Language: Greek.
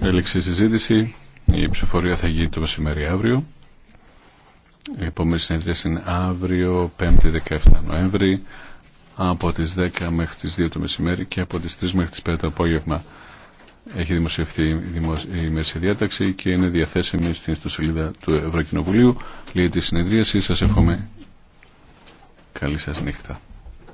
Έληξε η συζήτηση. Η ψηφορία θα γίνει το μεσημέρι αύριο. Η επόμενη συνεδρία είναι αύριο, 5η 17 Νοέμβρη, από τις 10 μέχρι τις 2 το μεσημέρι και από τις 3 μέχρι τις 5 το απόγευμα. Έχει δημοσιευτεί η μέση διάταξη και είναι διαθέσιμη στην ιστοσελίδα του Ευρωκοινοβουλίου. Λίγη τη συνεδρίαση. Σας εύχομαι καλή σα νύχτα.